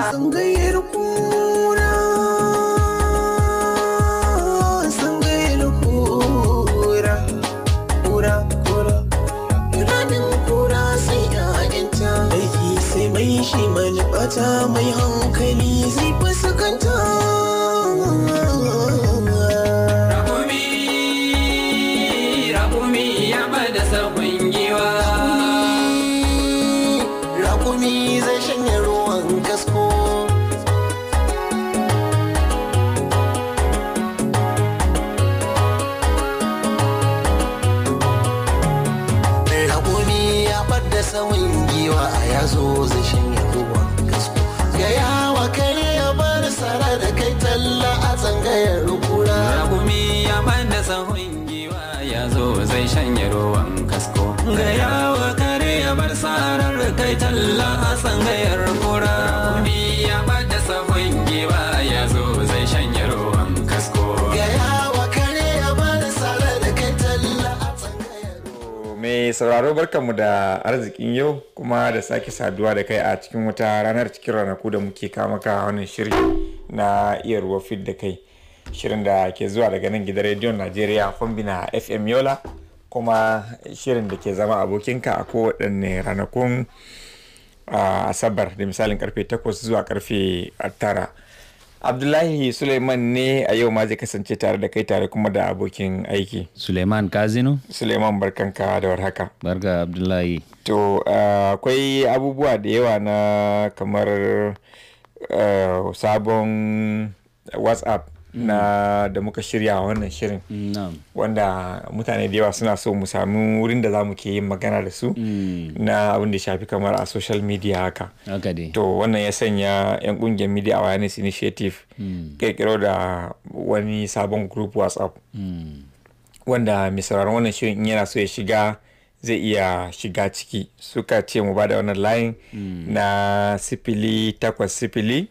Sangayyar kura Sangayyar kura Kura kura Ranin kura sai ya yanta sai mai shi mai bata mai hau. sauraro barkanmu da arzikin yau kuma da sake saduwa da kai a cikin wata ranar cikin ranaku da muke kama ka wannan shiri na iya ruwa fit da kai shirin da ke zuwa daga nan gidan rediyon najeriya fombina fm yola kuma shirin da ke zama abokinka a kowaɗanne ranakun ah, asabar da misalin karfe 8 zuwa karfe 9 Abdullahi Suleiman ne a yau ma zai kasance tare da kai tare kuma da abokin aiki. Suleiman Kazino? Suleiman barkanka da warhaka. Barka Abdullahi. To akwai uh, abubuwa da yawa na kamar uh, sabon WhatsApp na da muka shirya wannan shirin wanda mutane da yawa suna so mu sami wurin da za mu ke yin magana da su mm. na abin da shafi kamar a social media haka to wannan ya sanya 'yan kungiyar media awareness initiative kirkiro mm. da wani sabon group whatsapp mm. wanda mai wannan shirin in yana so ya shiga zai iya shiga ciki suka ce mu ba da wannan layin na sifili takwas sifili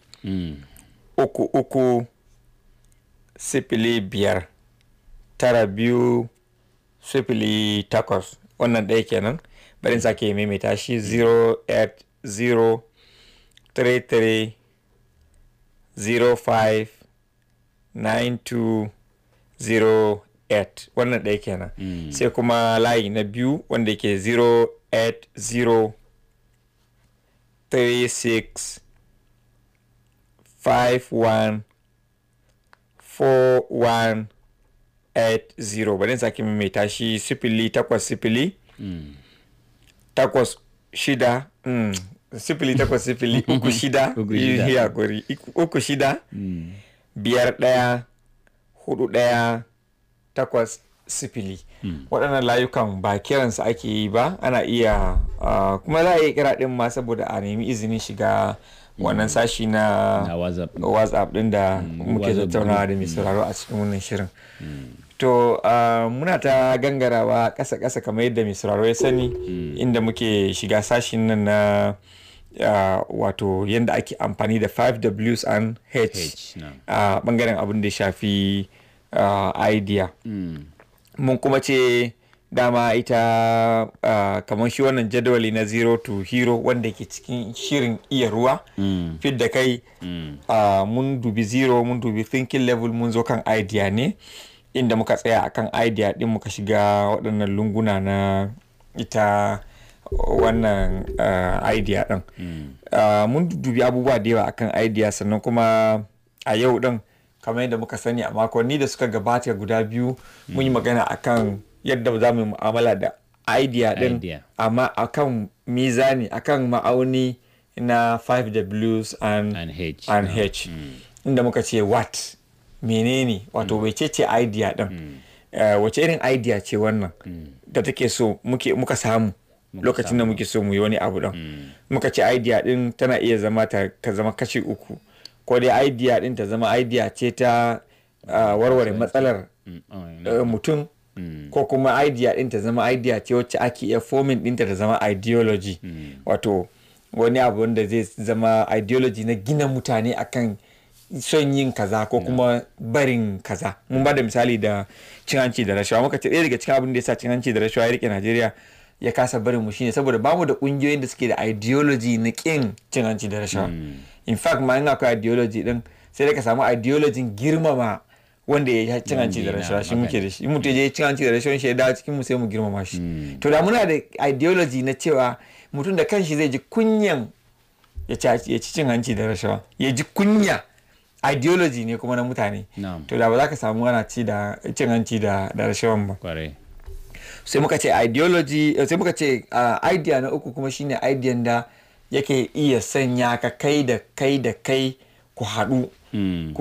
uku uku sifili biyar tara biyu sifili takwas wannan ɗaya kenan barin sake maimaita shi 080 wannan ɗaya kenan hmm. sai kuma layi na biyu wanda ke 080 five one. 4180 bari sake mai tashi sifili takwas sifili takwas shida mm, sifili takwas sifili uku shida uku shida mm. biyar ɗaya hudu ɗaya takwas sifili mm. waɗannan layukan ba kiransa ake yi ba ana iya ah, kuma za a yi kira ɗin ma saboda a nemi izinin shiga wannan mm. sashi na whatsapp din da mm, muke tattaunawa da mai sauraro a cikin wannan shirin mm. to muna ta gangarawa ƙasa-ƙasa kamar yadda mai sauraro ya sani inda muke shiga sashi nan na wato yadda ake amfani da 5Ws and H a bangaren abin da shafi idea. Mun kuma ce dama ita uh, kamar shi wannan jadawali na zero to hero wanda ke cikin shirin iya ruwa mm. fit da kai mm. uh, mun dubi zero mun dubi thinking level mun zo kan idea ne inda muka tsaya akan idea din muka shiga waɗannan lunguna na ita wannan uh, idea ɗin mm. mun dubi abubuwa da yawa akan idea sannan kuma a yau ɗin kamar yadda muka sani a makonni da suka gabata guda biyu mun yi mm. magana akan yadda za mu mu'amala da idea din amma akan mizani akan ma'auni na 5Ws and, and H, mm. inda muka ce what menene wato mm. ce idea din mm. eh, wace irin idea ce wannan mm. da take so muka samu lokacin da muke so mu yi wani abu don mm. muka ce idea din tana iya zama ta, zama kashi uku ko dai idea din ta zama idea ce ta ah, warware matsalar oh, eh, mutum Hmm. ko kuma idea ɗin ta zama idea ce wacce ake iya forming ɗinta ta zama ideology hmm. wato wani abu wanda zai zama ideology na gina mutane akan son yin kaza ko hmm. kuma barin kaza mun ba da misali da cin hanci da rashawa muka ce ɗaya daga cikin abin da ya sa cin hanci da rashawa ya rike najeriya ya kasa barin mu shine saboda bamu da kungiyoyin da suke da ideology na kin cin hanci da rashawa in fact ma in akwai ideology din sai da ka samu ideology girmama wanda ya cin hanci da rashawa shi muke da shi in mutum ya cin hanci da rashawa shi ya dawo cikin mu sai mu girmama shi hmm. to da muna da ideology na cewa mutum da kanshi zai ji kunyan ya ci cin hanci da rashawa ya ji kunya ideology ne kuma na mutane to da ba za ka samu ana ci da cin hanci da rashawan ba sai muka ce ideology eh, sai muka ce ah, idea na uku kuma shine idea da yake iya sanya ka kai da kai da kai ku haɗu Mm.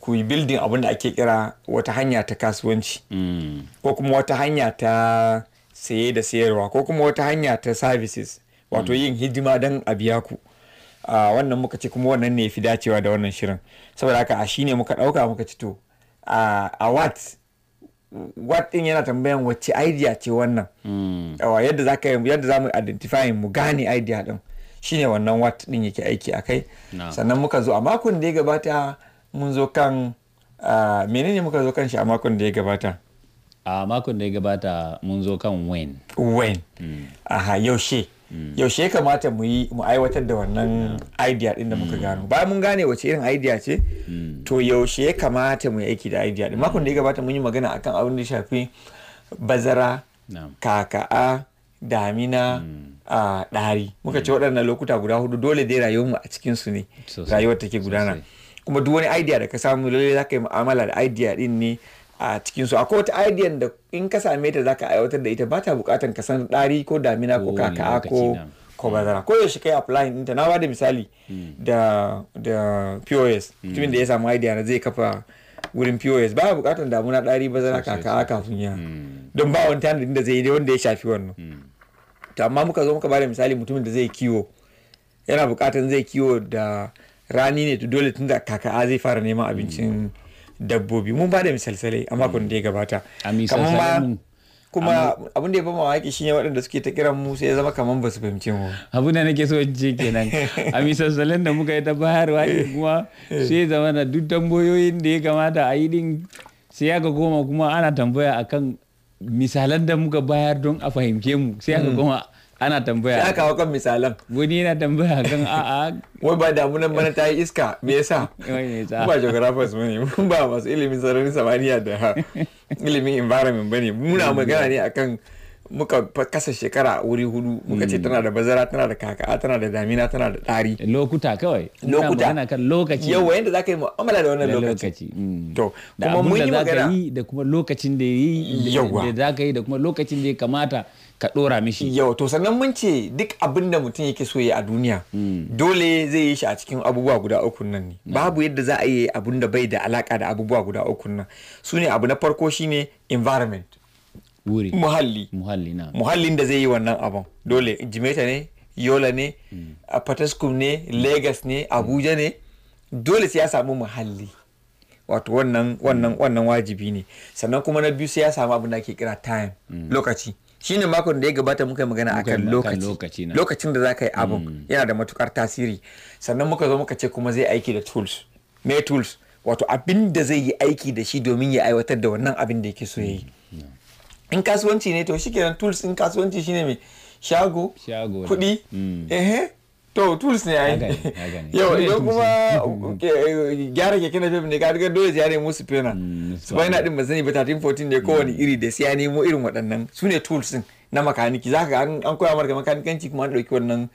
ku yi building abin da ake kira wata hanya ta kasuwanci mm. ko kuma wata hanya ta saye da sayarwa ko kuma wata hanya ta services wato mm. yin hidima don a biya ku wannan muka ce kuma wannan ne fi dacewa da wannan shirin saboda haka a shine muka dauka muka ci to a what what din yana tambayan wacce idea ce wannan yadda za mu identify mu gane idea din shine wannan wat din yake aiki a kai sannan muka zo a makon da ya gabata mun zo kan menene muka zo kan shi a makon da ya gabata a makon da ya gabata mun zo kan wen. Wen. Hmm. aha yaushe hmm. yaushe ya kamata mu yi mu aiwatar da wannan idea din da muka hmm. gano bayan mun gane wace irin idea ce to yaushe ya kamata mu yi aiki da idea din makon da ya gabata mun yi magana akan abin da shafi bazara kaka'a damina a ɗari muka ci hmm. waɗannan lokuta guda hudu dole dai mu a cikin ne rayuwar take gudana kuma duk wani idea da ka samu lalle za ka yi mu'amala da idea din ne a cikin su akwai wata idea da in ka same ta za ka aiwatar da ita ba ta bukatan ka san ɗari ko damina ko kaka ko ko bazara ko yaushe kai a ɗinta na bada misali hmm. da da POS hmm. mutumin da ya samu idea na zai kafa wurin POS ba bukatan damuna dari bazara kaka kafin ya don ba wani tanadin da zai yi wanda ya shafi wannan to amma muka zo muka bada misali mutumin da zai kiwo yana bukatan zai kiwo da rani ne to dole tun da kaka zai fara neman abincin hmm. dabbobi mun bada misalsalai a makon da ya gabata kamar ma kuma abin da ya bama waƙi shine waɗanda suke ta kiran mu sai ya zama kamar ba su fahimce mu abu na nake so ce kenan a misalsalan da muka yi ta bayarwa kuma sai zama da duk tambayoyin da ya kamata a yi din sai ya ga goma kuma ana tambaya akan misalan da muka bayar don a fahimce mu sai aka goma mm. ana tambaya sai aka hau kan misalan wani yana tambaya kan a'a wai ba damunan bana ta yi iska me yasa ba geographers bane ne ba masu ilimin sararin samaniya da ilimin environment ne muna magana ne akan muka kasa shekara wuri hudu muka ce hmm. tana da bazara tana da kaka tana da damina tana da ɗari lokuta kawai lokuta magana kan lokaci yawa za ka yi mu'amala da wannan lokaci hmm. to kuma mun yi magana da kuma lokacin da yi da za ka yi da kuma lokacin da ya kamata ka dora mishi yau to sannan mun ce duk abin da mutum yake so ya a duniya hmm. dole zai yi shi a cikin abubuwa guda uku nan ne babu yadda za a yi abin da bai da alaka da abubuwa guda uku nan su ne abu na farko shine environment wuri muhalli muhalli na muhallin da zai yi wannan abin dole jimeta ne yola ne hmm. a fataskum ne hmm. Legas ne hmm. abuja ne dole sai ya samu muhalli wato wannan wannan wannan wajibi ne sannan kuma na biyu sai ya samu abin da ake kira time lokaci shine makon da ya gabata muka yi magana akan lokaci lokacin da za ka yi abin yana da matukar tasiri sannan muka zo muka ce kuma zai aiki da tools me tools wato abin da zai yi aiki da shi domin ya aiwatar da wannan abin da yake so ya yi in kasuwanci ne to shikenan tools in kasuwanci shine mai shago kudi. Mm. ehe to tools ne ai yau idan kuma gyara keke na fim ne ka riga dole ya nemo su fena su bai na din ba sani ba 1314 ne kowane mm. iri da sai ya nemo irin waɗannan su ne tools din na makaniki zaka ga an koya marka makanikanci kuma an ɗauki wannan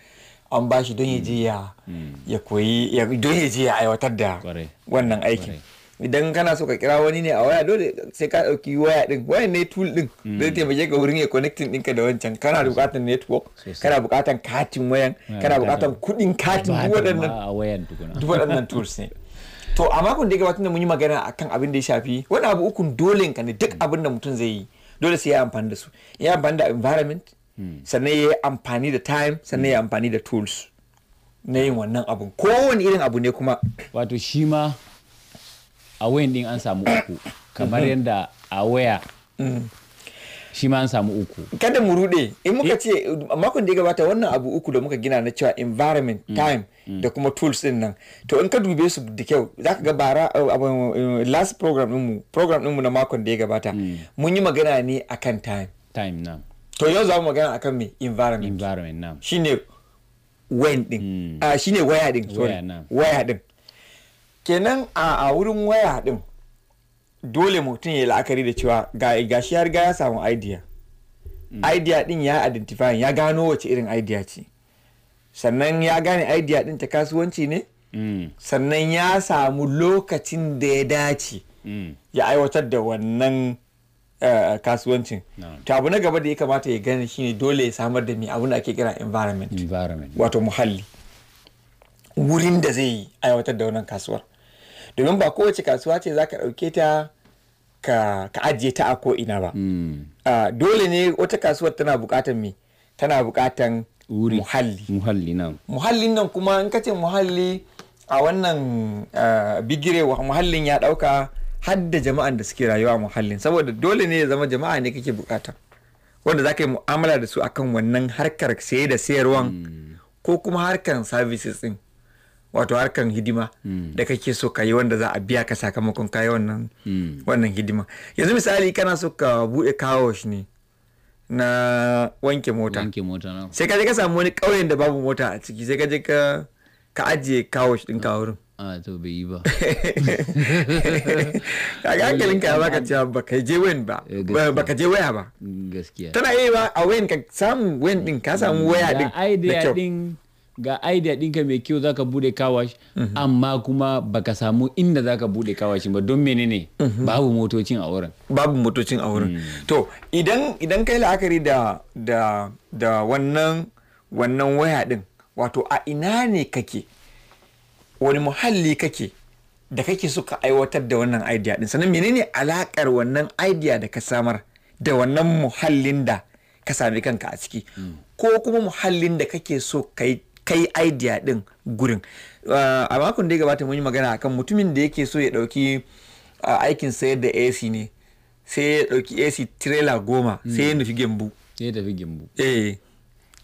an bashi don ya je ya mm. koyi don ya je ya aiwatar da wannan aikin idan kana so ka kira wani ne a waya dole sai ka dauki waya din waya ne tool din hmm. zai taimake ka wurin ya connecting ɗinka da wancan kana bukatan network kana bukatan katin wayan kana bukatan kuɗin katin duk waɗannan duk waɗannan tools ne to a makon da ya gabatar da mun yi magana akan abin da ya shafi wani abu ukun dole ka ne duk abin da mutum zai yi dole sai ya amfani da su ya amfani da environment hmm. sannan ya yi amfani da time sannan ya amfani da tools na yin wannan abun kowane irin abu ne kuma wato shi ma a wayan din an samu uku kamar mhm. yadda a waya mm. shi ma an samu uku. Kada mu rude in muka eh? ce makon da ya gabata wannan abu uku da muka gina na cewa environment mm. time mm. da kuma tools din nan to in ka dube su da kyau za ka ga bara eh, eh, last program ɗinmu program ɗinmu na makon da ya gabata mun yi magana ne akan time. Time na. To yau za mu magana akan me environment. Environment na. Shine when din. Ah, shine waya din. Waya din. kenan a wurin waya din dole mutum ya yi la'akari da cewa ga shi ya riga ya samu idea hmm. idea din ya identify ya gano wace irin idea ce sannan ya gane idea din ta kasuwanci ne hmm. sannan ya samu lokacin da ya dace hmm. ya aiwatar da wannan eh, kasuwancin to abu na gaba da ya kamata ya gane shine dole ya samar da mai abin da ake kira environment wato muhalli wurin da zai aiwatar da wannan kasuwar domin ba kowace kasuwa ce za ka ɗauke ta ka ajiye ta a ko'ina ba hmm. dole ne wata kasuwar tana buƙatan me tana muhalli muhalli nan muhallin nan kuma in ka ce muhalli a wannan bigire muhallin ya ɗauka har da jama'an da suke rayuwa muhallin saboda dole ne ya zama jama'a ne kake buƙata wanda za ka yi mu'amala da su akan wannan harkar saye da sayarwan hmm. ko kuma harkar services ɗin wato harkan hidima mm. da kake so ka yi wanda za a biya ka sakamakon kayi wannan mm. wannan hidima yanzu misali kana so ka bude kawosh ne na wanke mota wanke mota no. sai ka je ka samu wani ƙauyen da babu mota a ciki sai ka je ka ka ajiye kawosh din kawo ah. wurin a ah, to bai yi ba ga hankalin ka baka cewa ka je wayan ba eh, Ba ka je waya ba gaskiya tana yi ba a wayan ka samu wayan din ka samu hmm, waya din da kyau ga idea ɗinka mai kyau zaka bude kawash mhm. amma kuma baka samu inda zaka bude kawashin ba don menene mhm. babu motocin a wurin babu motocin a wurin hmm. to idan idan kai la'akari da da da wannan wannan waya din wato a ina ne kake wani muhalli kake da kake suka aiwatar da wannan idea din sannan menene alakar wannan idea da ka samar da wannan muhallin da ka sami kanka a ciki hmm. ko kuma muhallin da kake so kai kai idea din gurin ah, a makon da ya gabata mun yi magana kan mutumin da yake so ya dauki ah, aikin sayar da AC ne sai ya dauki AC trailer goma hmm. sai ya nufi gembu sai ya tafi gembu eh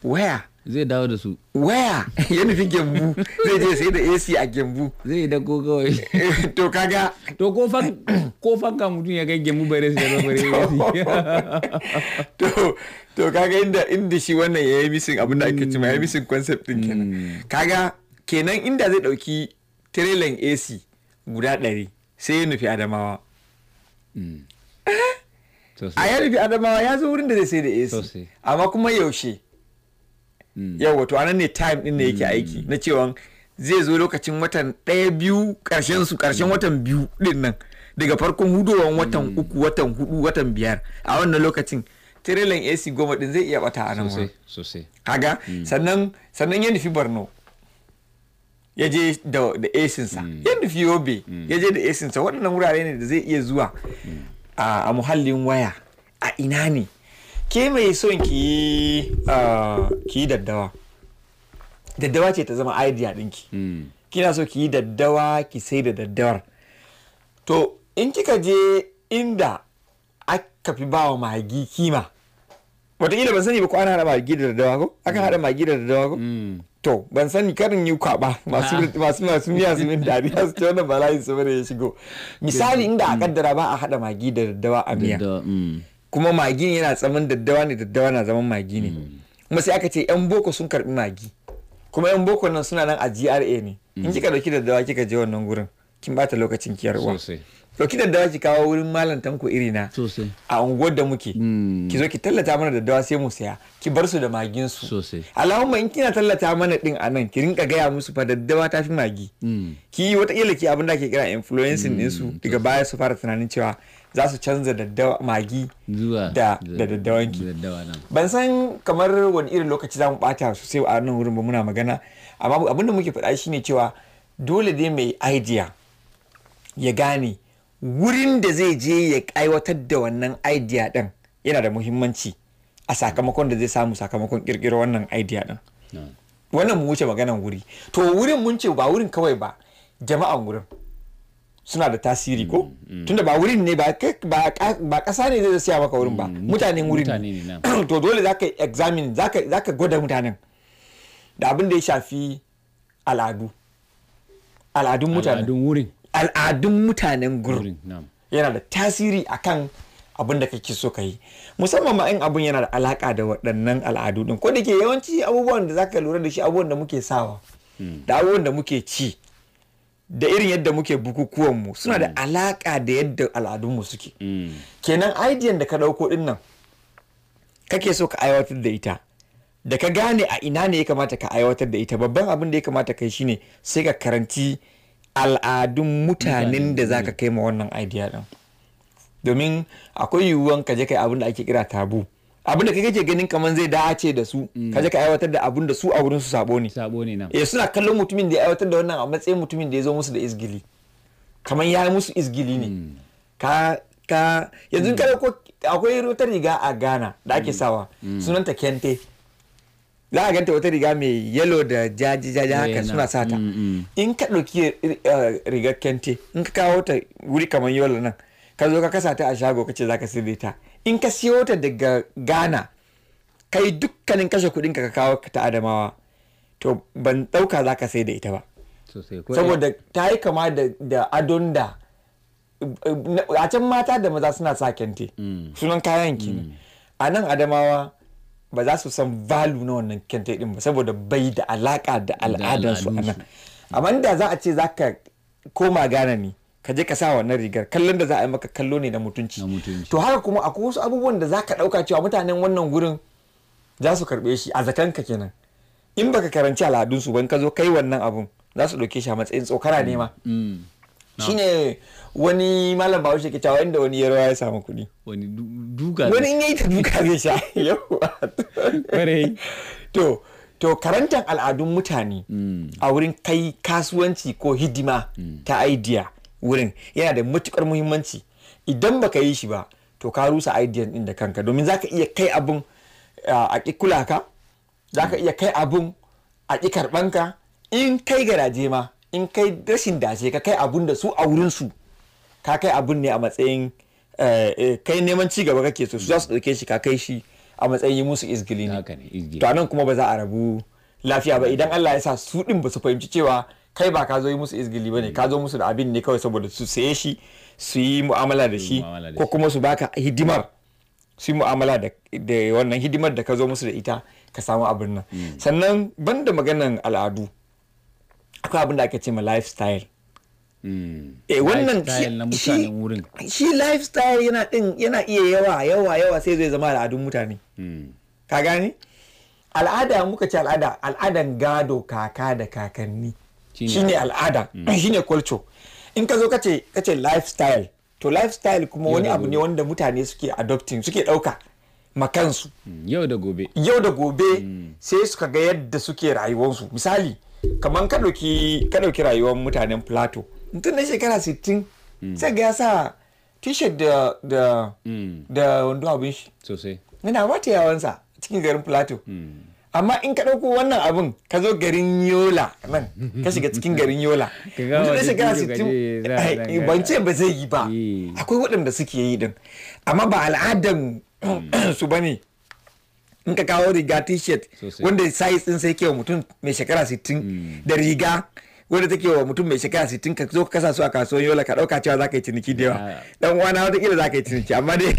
waya zai dawo da su waya ya nufi gembu zai je sai da ac a gembu zai yi dago kawai eh, to kaga to ko fanka mutum ya kai gembu bare sai da bare ac to to kaga inda inda shi wannan ya yi missing abin da ake hmm. cewa ya yi missing concept din kenan hmm. kaga kenan inda zai dauki trailer AC guda ɗari sai ya nufi Adamawa hmm. eh? a ya nufi Adamawa ya zo wurin da zai sai da AC amma kuma yaushe yawa to anan ne time din da yake aiki na cewa zai zo lokacin watan ɗaya biyu ƙarshen su ƙarshen watan biyu din nan daga farkon hudowan watan uku watan hudu watan biyar a wannan lokacin tirelan ac goma din zai iya bata a nan wurin sosai kaga hmm. sannan sannan ya nufi borno ya je da esinsa hmm. ya nufi yobe hmm. ya je da esinsa waɗannan wurare ne da zai iya zuwa a muhallin waya a ina ne ke mai son ki yi daddawa daddawa ce ta zama idea ɗinki kina so ki yi daddawa ki sai da daddawar to in kika je inda aka fi ba wa magi kima wataƙila ban sani ba ko ana haɗa magi da daddawa ko akan haɗa magi da daddawa ko mm. to ban sani karin yi kwaɓa masu ah. masu miya su min dariya su ce wannan bala'in su bane ya shigo misali inda a kaddara mm. ba a haɗa magi da daddawa a miya mm. kuma magi yana tsamin daddawa ne daddawa na zaman magi ne kuma sai aka ce yan boko sun karbi magi kuma yan boko nan suna nan a GRA ne in kika ɗauki daddawa kika je wannan gurin kin bata lokacin kiyarwa. ɗauki da ki kawo wurin malam tanko na a unguwar da muke hmm. ki zo ki tallata mana daddawa sai mu saya ki bar su da magin su allahumma in kina tallata mana din a nan ki rinka gaya musu fa daddawa ta fi magi hmm. ki wata wataƙila ki abin da ke kira influencing din su hmm. daga baya su fara tunanin cewa za su canza daddawa magi da daddawan ki ban san kamar wani irin lokaci za mu ɓata sosai a nan wurin ba muna magana amma abin da muke faɗa shine cewa dole dai mai idea ya gane wurin da zai je ya aiwatar da wannan idea ɗin yana da muhimmanci a sakamakon da zai samu sakamakon ƙirƙiro wannan idea ɗin. wannan mu wuce maganan wuri to wurin mun ce ba wurin kawai ba jama'an wurin suna da tasiri ko mm, mm. tunda ba wurin ne ba kasa ne zai siya maka wurin ba mm, mutanen wurin ne to dole za ka examine ka gwada mutanen da abin da ya shafi al'adu al'adun mutane al'adun wurin al'adun mutanen gurin yana da tasiri akan abin da kake so ka yi musamman ma in abin yana da alaka da waɗannan al'adu din ko da ke yawanci abubuwan da zaka lura da shi abubuwan da muke sawa hmm. da abubuwan da muke ci da irin yadda muke bukukuwan mu suna da hmm. alaka da yadda al'adunmu suke hmm. kenan aidiyan da ka ɗauko din nan kake so ka aiwatar da ita da ka gane a ina ne ya kamata ka aiwatar da ita babban abin da ya kamata kai shine sai ka karanci al'adun mutanen da za ka kai ma wannan idea ɗin domin akwai yiwuwan ka je kai abin da ake kira tabu abin da kai kake ganin kamar zai dace da su mm. ka je ka aiwatar da abin da su a wurin su sabo ne sabo ne nan eh suna kallon mutumin da ya aiwatar da wannan a matsayin mutumin da ya zo musu da izgili kamar ya musu izgili ne mm. ka ka yanzu mm. kada ko akwai rotar riga a Ghana da ake sawa sunanta kente za a ganta wata riga mai yalo da jaji jaji haka eh, suna sata mm, mm. in ka ɗauki eh, rigar kente in ka kawo ta wuri kamar yola nan ka zo ka kasa ta a shago kace za ka sirri ta in ka siyo ta daga ghana kai dukkanin kashe kuɗin ka kawo ta adamawa to ban ɗauka za ka sai da ita ba saboda ta yi kama da adon da eh, a can mata da maza suna sa kente mm. sunan kayan ki a nan adamawa ba za su san valu na wannan kente din ba saboda bai da alaka da al'adansu a nan amma da za a ce za ka koma gana ne ka je ka sa wannan rigar kallon da za a yi maka kallo ne na mutunci to haka kuma akwai wasu abubuwan da za ka ɗauka cewa mutanen wannan gurin za su karɓe shi a zakan zakanka kenan in baka karanci al'adunsu ban ka zo kai wannan abun za su ɗauke shi a matsayin tsokara ne ma mm, mm. shine wani malam ba ke cewa inda wani yaro ya samu kuɗi wani duka wani in yi ta duka zai sha yawa to to karantar al'adun mutane mm. a wurin kai kasuwanci ko hidima mm. ta idea wurin yana da matukar muhimmanci idan baka yi shi ba to ka rusa idea din da kanka domin zaka mm. iya kai abun a ƙi ka zaka iya kai abun a ƙi karɓanka in kai garaje ma in kai rashin dace ka kai abun da su a wurinsu. ka kai abun ne a matsayin eh, eh, kai neman ci gaba kake so su za su dauke shi ka kai shi a matsayin yi musu izgili ne to nan kuma ba za a rabu lafiya ba idan Allah ya sa su din ba su fahimci cewa kai ba ka zo yi musu izgili ba ne ka zo musu da abin ne kawai saboda su saye shi su yi mu'amala da shi ko kuma su baka hidimar su yi mu'amala da wannan hidimar da ka zo musu da ita ka samu abin nan hmm. sannan banda maganan al'adu akwai abin da ake ce ma lifestyle hmm. eh wannan shi lifestyle yana din yana iya yawa yawa yawa sai zai zama al'adun mutane hmm. ka gani? al'ada muka ce al'ada al'adan gado kaka da kakanni shine al'ada hmm. shine culture in ka zo kace kace lifestyle to lifestyle kuma wani abu ne wanda mutane suke adopting suke dauka makansu yau da gobe yau da gobe sai suka ga yadda suke rayuwarsu misali kamar ka ɗauki rayuwar mutanen plato tun na shekara 60 sai mm. ga ya sa t-shirt da da mm. da wando abin shi sosai yana wata yawansa cikin garin plato mm. amma in ka ɗauko wannan abin ka zo garin yola nan ka shiga cikin garin yola mutum na shekara 60 eh, ban ce ba zai yi ba eh. akwai waɗanda suke yi din amma ba al'adan su ne. in ka kawo riga t-shirt wanda size din sai ke wa mutum mai shekara 60 mm. da riga wanda take wa mutum mai shekara 60 ka zo ka kasa su a kasuwan yola ka dauka cewa za ka yi ciniki da yawa dan uwana wata kila za ka yi ciniki amma dai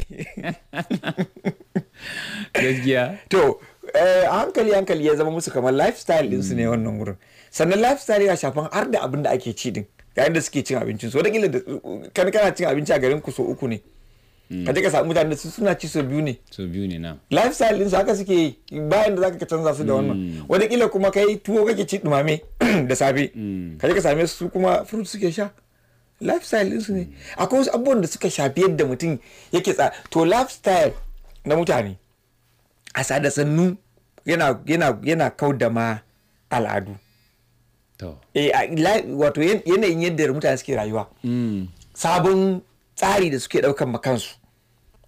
gaskiya to eh, a hankali hankali ya zama musu kamar lifestyle su ne mm. wannan wurin sannan lifestyle yana shafan har da abin da ake ci din yayin da suke cin abincin su wata kila da kana cin abinci a garin ku so uku ne ka je ka samu mutane su suna ci so biyu ne so biyu ne na lifestyle din su haka suke yi bayan da zaka ka canza su da hmm. wannan Wani kila kuma kai tuwo kake ci dumame da safe hmm. ka je ka same su kuma fruit suke sha lifestyle din su ne akwai wasu abubuwan da suka shafi yadda mutum yake tsa to lifestyle na mutane a sada sannu yana yana yana da ma al'adu eh, wato yanayin yadda mutane suke rayuwa hmm. sabon tsari da suke ɗaukan makansu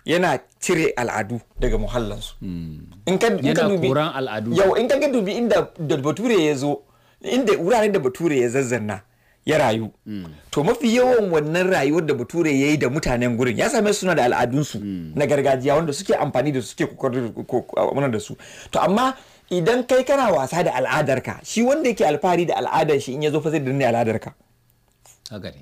yana cire al'adu daga muhallansu. In ka dubi ka dubi inda bature ya zo inda wuraren da bature ya zazzanna ya rayu. Hmm. To mafi yawan wannan rayuwar da bature ya yi da mutanen gurin ya same suna da al'adunsu hmm. na gargajiya wanda suke amfani da su suke kokarin da su. To amma idan kai kana wasa da al'adarka shi wanda yake alfahari da al'adar shi in ya zo fa zai danne al'adarka.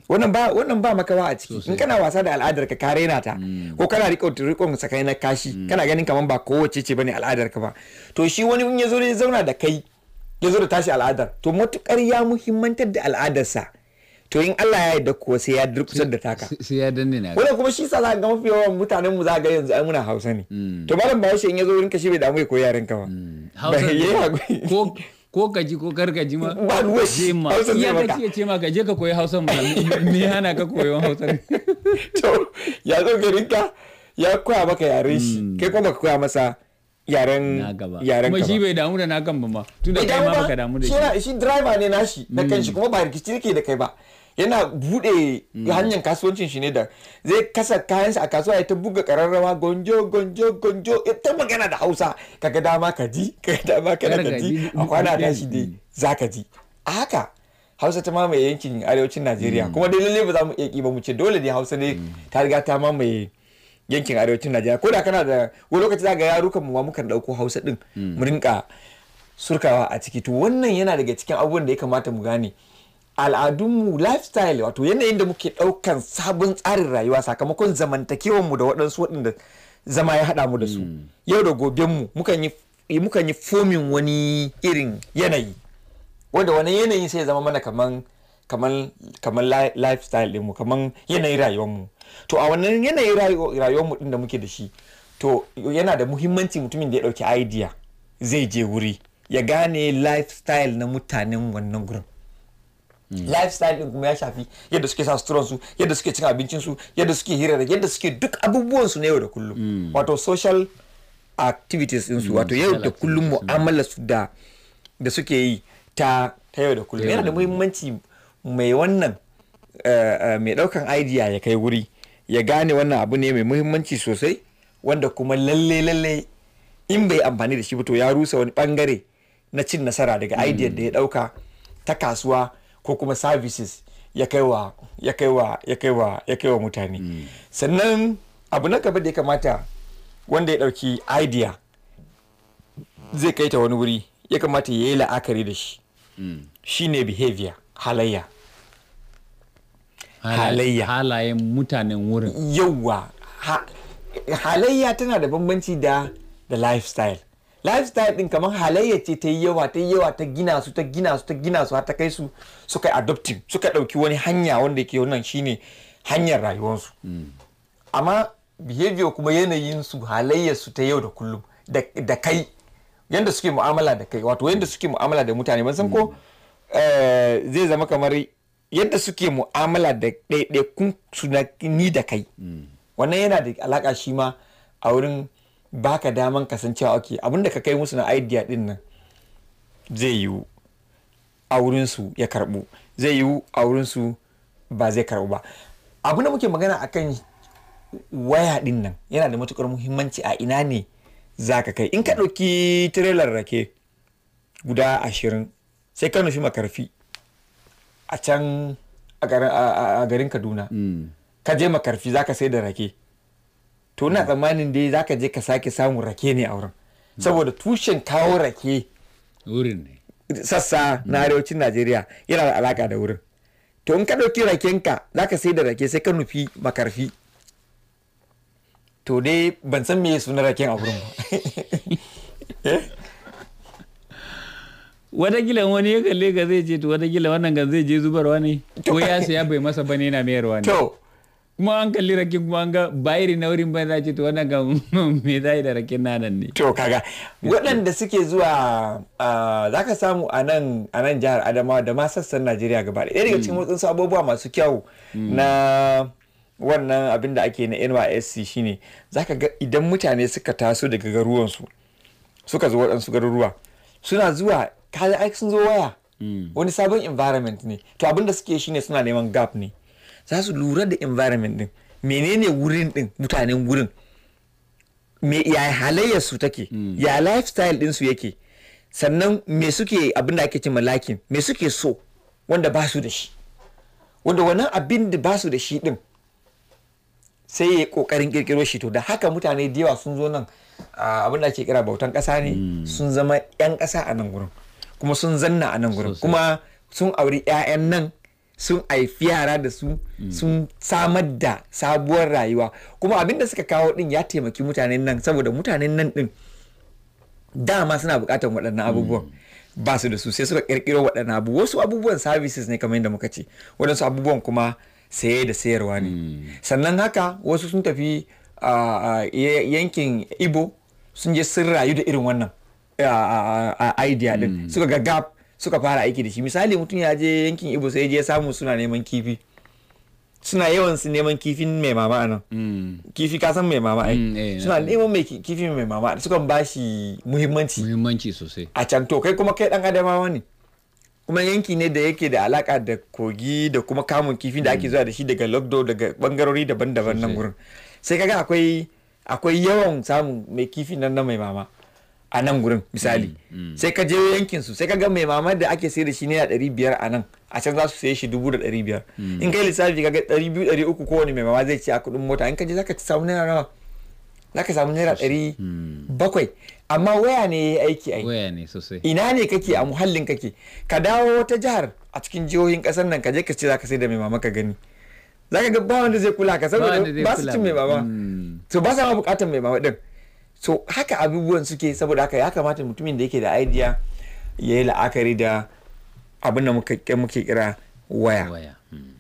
wannan ba wannan ba makawa a ciki in kana wasa da al'adar ka ka raina ta mm. ko kana riko riƙon sakai na kashi mm. kana ganin kaman ba kowace ce bane al'adar ka ba to shi wani in ya zo zauna da kai ya zo da tashi al'adar to matukar ya muhimmantar da al'adarsa to in Allah ya yarda ko sai ya durkusar da taka sai ya danne na wannan kuma shi sa za ga mafi yawan mutanen mu za ga yanzu ai muna Hausa ne mm. to malam ba Bahaushe in ya zo shi bai damu ya koyi yaran ka ba Hausa ko ko gaji ko gargaji ma je ma iya ta ce ma gaje ka koyi hausa ma me hana ka koyon hausa to ya zo garin ka ya koya maka yaren shi hmm. kai kuma ka koya masa yaren yaren kuma shi bai damu da na kan ba ma tunda kai ma baka damu da shi shi driver ne nashi da kanshi hmm. kuma ba rikici yake da kai ba yana bude hmm. hanyar kasuwancin shi ne da zai kasa kayansa a kasuwa ya ta buga kararrawa gonjo gonjo gonjo ta magana da hausa kaga dama ka ji kaga dama kana na ji a kwana shi dai hmm. za ka ji a haka hausa ta mamaye yankin arewacin najeriya hmm. kuma dai lalle ba za mu iya ƙi ba mu ce dole ne hausa ne ta riga ta mamaye yankin arewacin najeriya ko da kana da wani lokaci za ga yarukan mu ma dauko dauko hausa ɗin mu rinka surkawa a ciki to wannan yana daga cikin abubuwan da ya kamata mu gane al'adunmu lifestyle wato yanayin da muke ɗaukan sabon tsarin rayuwa sakamakon zamantakewanmu da waɗansu waɗanda zama ya haɗa mu da su hmm. yau da gobenmu mukan yi fomin wani irin yanayi wanda wani yanayin sai zama mana kaman kaman kaman lifestyle ɗinmu kaman yanayin rayuwarmu to a wannan yanayin rayuwarmu din da muke da shi to yana da muhimmanci mutumin da ya ɗauki idea zai je wuri ya gane lifestyle na mutanen wannan gurin lifestyle din kuma ya shafi yadda suke sa suturan yadda suke cin abincin su yadda suke hirar yadda suke duk abubuwan su na yau da kullum mm. wato social activities din su wato yau da kullum mu'amala su da da suke yi ta ta yau da kullum yana da muhimmanci mai wannan eh, eh, mai daukan idea ya kai wuri ya gane wannan abu ne mai muhimmanci sosai wanda kuma lalle lalle in bai amfani da shi ba to ya rusa wani bangare na cin nasara daga idea mm. da ya ɗauka ta kasuwa ko kuma services ya kaiwa ya mutane hmm. sannan abu na gaba da ya kamata wanda ya dauki idea zai kai ta wani wuri ya kamata ya yi la'akari da shi hmm. shi shine behavior halayya halayya halayen mutanen wurin yawa halayya tana da bambanci da lifestyle lifestyle din kamar halayya ce ta yi yawa ta yi yawa ta gina su ta gina su ta gina su har ta kai su suka adoptive suka ɗauki wani hanya wanda ke wannan shine hanyar rayuwarsu amma behavior kuma yanayin su halayyar su ta yau da kullum da kai yanda suke mu'amala da kai wato yanda suke mu'amala da mutane ban san ko hmm. eh, zai zama kamar yadda suke mu'amala da ɗaiɗaikun su ni da kai hmm. wannan yana da alaka shi ma a wurin baka daman kasancewa ake abinda ka kai musu na idea din nan zai yiwu a wurinsu ya karbu zai yiwu a wurinsu ba zai karbu ba abun da muke magana akan waya din nan yana da matukar muhimmanci a ina ne za ka kai in ka ɗauki tirelar rake guda ashirin sai ka nufi makarfi a can a garin kaduna mm. ka je makarfi za ka sai da rake to ina tsammanin dai zaka je ka sake samun rake ne a wurin saboda tushen kawo rake wurin ne sassa na arewacin najeriya yana da alaka da wurin to in ka ɗauki rakenka zaka sai da rake sai ka nufi makarfi to dai ban san me sunan raken a wurin ba gila eh? wani ya kalle ga zai je to gila wannan ga zai je zubarwa ne ko ya siya bai masa bane na mayarwa ne to kuma an kalli rakin kuma an ga bayiri na wurin bai za ce to wannan ga me za yi da rakin nanan ne to kaga waɗanda suke zuwa za ka samu a nan jihar adamawa da ma sassan najeriya gaba ɗaya daga hmm. cikin wasu abubuwa masu kyau hmm. na wannan abin da ake na nysc shine za ka ga idan mutane suka taso daga garuwansu suka zo waɗansu garuruwa suna zuwa kayan aiki sun zo waya hmm. wani sabon environment ne to abin da suke shine suna neman gap ne za su lura da environment din menene wurin din mutanen wurin me ya halayyar su take hmm. ya lifestyle din su yake sannan me suke abin da ake cewa lakin? me suke so wanda ba su da shi wanda wannan abin da ba su da shi din sai ya kokarin kirkiro shi to da haka mutane da yawa sun zo nan abin da ake kira bautan kasa ne hmm. sun zama yan kasa a nan gurin kuma sun zanna a nan gurin kuma sun auri 'ya'yan nan sun aifi yara da su sun samar da sabuwar rayuwa kuma abin da suka kawo din ya taimaki mutanen nan saboda mutanen nan din dama suna bukatar waɗannan abubuwan mm. ba su da su sai suka kirkiro waɗannan abu wasu abubuwan services ne kamar yadda muka ce waɗansu abubuwan kuma saye da sayarwa ne mm. sannan haka wasu sun tafi yankin ibo sun je sun rayu da irin wannan a idea din mm. suka ga gap suka fara aiki da shi misali mutum ya je yankin ibo sai je samu suna neman kifi suna yawan su neman kifin mai mama nan mm. kifi ka san mai mama ai mm, eh, suna neman mai kifin mai mama sukan ba shi muhimmanci muhimmanci sosai a can to kai kuma kai dan adamawa ne kuma yanki ne da yake da alaka da kogi da kuma kamun kifin da ake mm. zuwa da shi daga lokdo daga bangarori daban-daban nan gurin sai kaga akwai akwai yawan samun mai kifin nan na mai mama a nan gurin misali mm, mm. sai ka je yankin su sai ka ga mai mamar da ake sai da shi ne ɗari biyar a nan a can za su saye shi dubu da ɗari biyar mm. in kai lissafi ka ga ɗari biyu ɗari uku kowane mai mama zai ce a kuɗin mota in ka je za ka samu naira nawa za ka samu naira ɗari bakwai amma waya ne ya yi aiki a waya ne sosai ina ne kake a muhallin kake ka dawo wata jihar a cikin jihohin ƙasar nan ka je ka ce za ka sai da mai mama ka gani za ka ga ba wanda zai kula ka saboda ba su cin mai mama to ba sa ma buƙatar mai mama din so haka abubuwan suke saboda haka ya kamata mutumin da yake da idea ya yi la'akari da abin da muke kira waya hmm.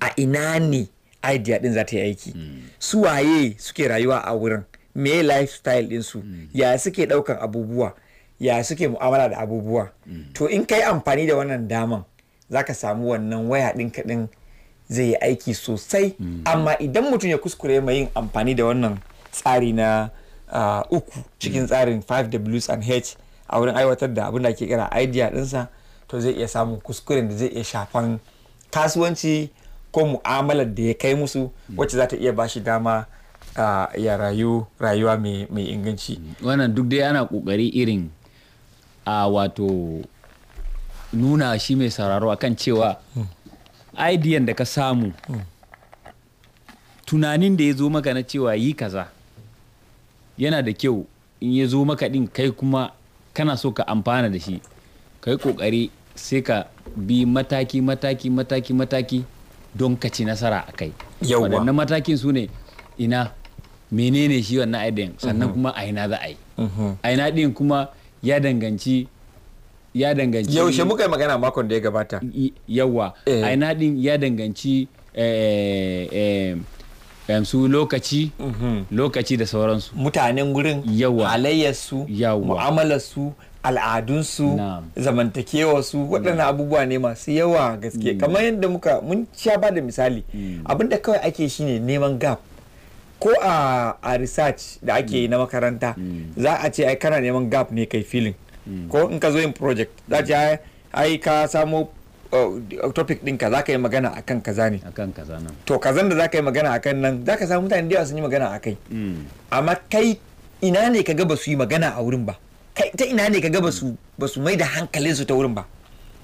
a ina ne idea din za ta yi aiki hmm. su waye suke rayuwa a wurin me lifestyle din su hmm. ya suke daukan abubuwa ya suke mu'amala da abubuwa to in kai amfani da wannan daman za ka samu wannan waya din kaɗin zai yi aiki sosai amma idan mutum ya kuskure mai yin amfani da wannan tsari na Uh, uku cikin mm. tsarin 5Ws and H a wurin aiwatar da abin da ke kira idea dinsa to zai iya samun kuskuren da zai iya shafan kasuwanci ko mu'amalar da ya kai musu mm. wacce za ta iya shi dama uh, ya rayu rayuwa mai inganci mm. wannan duk dai ana kokari irin a wato nuna shi mai sauraro akan cewa aidiyan da ka samu tunanin da ya zo maka na cewa yi kaza yana da kyau in ya zo maka din kai kuma kana so ka amfana da shi kai kokari sai ka bi mataki mataki mataki mataki don ka ci nasara a kai waɗannan matakin su ne ina menene shi wannan aidin sannan mhm. kuma a za a yi mhm. aina din kuma ya danganci ya danganci yaushe muka yi magana makon da ya gabata yawa a din eh. ya danganci eh, eh, su lokaci mhm. lokaci da sauransu mutanen gurin halayyarsu mu'amalarsu al'adunsu zamantakewarsu waɗannan abubuwa ne masu yawa gaske mm. kamar yadda muka mun sha ba da misali mm. abinda kawai ake shine neman gap ko a, a research da ake yi mm. na makaranta za a ce ai kana neman gap ne kai filin ko in ka zo yin project za a ce ai ka samo Oh, oh, topic ɗinka za ka yi magana a kan kaza ne to kazan da za ka yi magana a kan nan za ka samu mutane da yawa sun yi magana a kai mm. amma kai ina ne ka ga su yi magana a wurin ba kai ta ina ne ka ga su ba su mai da hankalin su ta wurin ba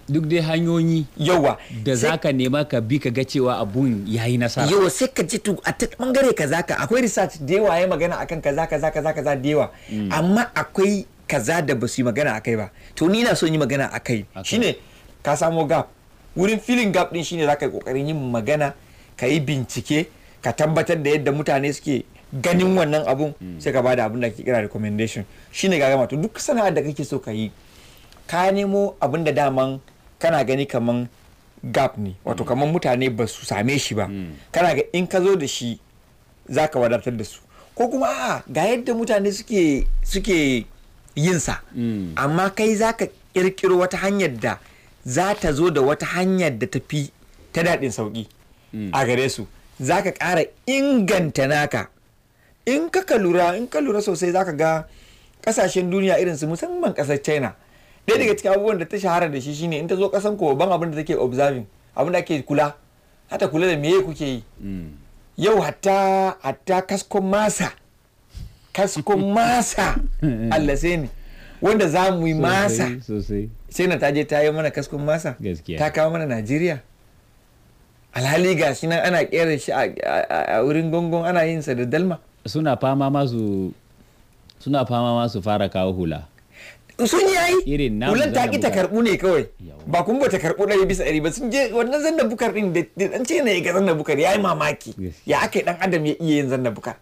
duk dai hanyoyi yawa da za ka nema ka bi ka ga cewa abun ya yi nasara yawa sai ka ji a ta bangare za ka akwai research da yawa ya magana akan kaza kaza kaza kaza da yawa mm. amma akwai kaza da ba su yi magana akai ba to ni na so yi magana akai shine ka samo gap wurin filin gap din shine zaka yi kokarin yin magana ka yi bincike ka tabbatar da yadda mutane suke ganin wannan abun hmm. sai ka bada abin da ke kira recommendation shine ga gama to duk sana'ar da kake so ka yi ka nemo abin da daman kana gani kaman gap ne wato hmm. kaman mutane ba su same shi ba hmm. kana ga in ka zo da shi zaka wadatar da su ko kuma a ga yadda mutane suke suke yinsa amma kai zaka kirkiro wata hanyar da za ta zo da wata hanyar da ta fi ta daɗin sauƙi mm. a gare su za ka ƙara inganta naka in ka lura in ka lura sosai za ka ga ƙasashen duniya irin su musamman ƙasar china ɗaya daga cikin abubuwan da ta shahara da shi shine in ta zo ƙasan ko ban abin da take observing abin da ake kula hata kula da meye kuke yi mm. yau hatta hatta kaskon masa kaskon masa sai ne wanda za mu yi masa sai ta je ta yi mana kaskun masa ta kawo mana najeriya alhali ga shi nan ana kera shi a wurin gongon ana yin sa da dalma suna fama masu suna fama masu fara kawo hula sun yi hulan ta ki ta karbu ne kawai ba kun ba ta karbu ɗari bisa ɗari ba sun je wannan zanna bukar din da dan ce ne ga zanna bukar yayi mamaki ya aka dan adam ya iya yin zanna bukar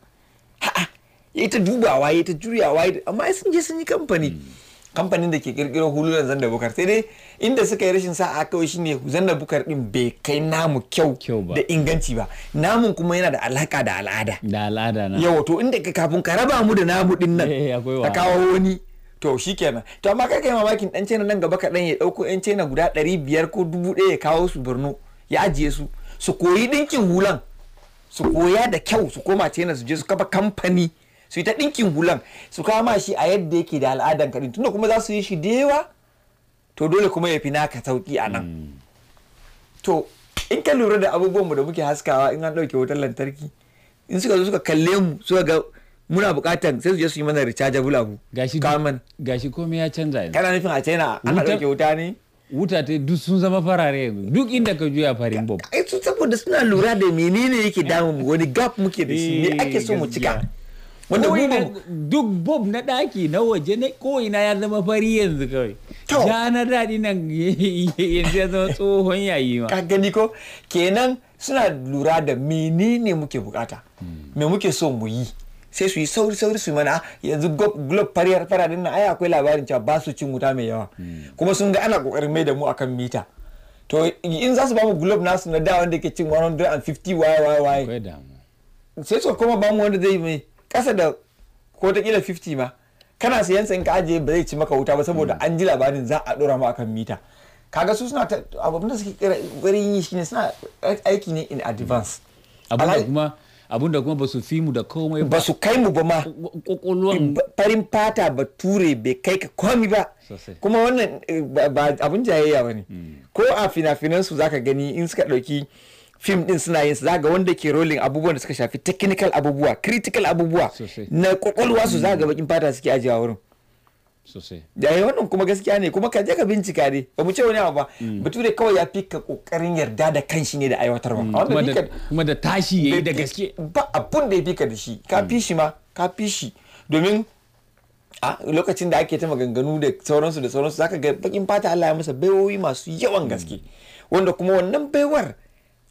ha'a ya ta dubawa ya ta juyawa amma sun je sun yi kamfani hmm. kamfanin da ke kirkiro hulunan zanda bukar sai dai inda suka yi rashin sa sa'a kawai shine zanda bukar din bai kai namu kyau da inganci ba namun kuma yana da alaka da al'ada da al'ada na yawa to inda ka kafin ka raba mu da namu din nan eh, ka kawo wani to shikenan to amma kai kai mamakin dan cena nan gaba kaɗan ya ɗauko yan cena guda ɗari biyar ko dubu ɗaya ya kawo su Borno ya ajiye su su koyi ɗinkin hulan su koya da kyau su koma cena su je su kafa kamfani su yi ta ɗinkin hulan su kama shi a yadda yake da al'adan kaɗin tunda kuma za su yi shi da yawa to dole kuma ya fi naka sauƙi a nan hmm. to in ka lura da abubuwanmu da muke haskawa in an ɗauke wutar lantarki in suka zo suka kalle mu suka ga muna bukatan sai su je su yi mana rechargeable abu gashi kaman gashi komai ya canza yanzu kana nufin a china ana dauke wuta ne wuta ta duk sun zama farare yanzu duk inda ka juya farin bob ai su saboda suna lura da menene yake damun wani gap muke da shi ne ake so mu cika eh, wanda duk bob na daki na waje na ko'ina ya zama fari yanzu kawai ja na daɗi nan yanzu ya zama tsohon yayi ma ka gani ko kenan suna lura da menene muke bukata hmm. me muke so mu yi sai su yi sauri sauri su mana ah, yanzu glob fariyar fara nan ai akwai labarin cewa ba su cin wuta mai yawa hmm. kuma sun ga ana kokarin mai da mu akan mita to in za su ba mu glob nasu na da wanda ke cin 150 waye waye waye sai su kuma ba mu wanda zai mai kasa da ko ta kila 50 ma kana siyan sa in ka ajiye ba zai ci maka wuta ba saboda hmm. an ji labarin za a dora ma akan mita kaga su suna abin da suke kira wurin yi shine suna aiki ne in advance hmm. abin kuma abin da kuma ba su fi mu da komai ba su kai mu ba ma farin fata ba ture bai kai ka komai ba kuma wannan eh, ba abin jayayya bane hmm. ko a fina-finan su zaka gani in suka dauki fim din suna yin za ga wanda ke rolling abubuwan da suka shafi technical abubuwa critical abubuwa na kwakwalwa su za ga bakin fata suke ajiya wurin sosai da wannan kuma gaskiya ne kuma ka je ka bincika ne ba mu ce wani abu ba da mm. kawai ya fi ka kokarin yarda da kanshi ne da aiwatarwa mm. kuma da tashi yayi da gaske ba abun da ya fi ka da shi ka mm. fi shi ma ka fi shi domin a lokacin da ake ta maganganu da sauransu da sauransu zaka ga bakin fata Allah ya masa baiwoyi masu yawan gaske wanda kuma wannan baiwar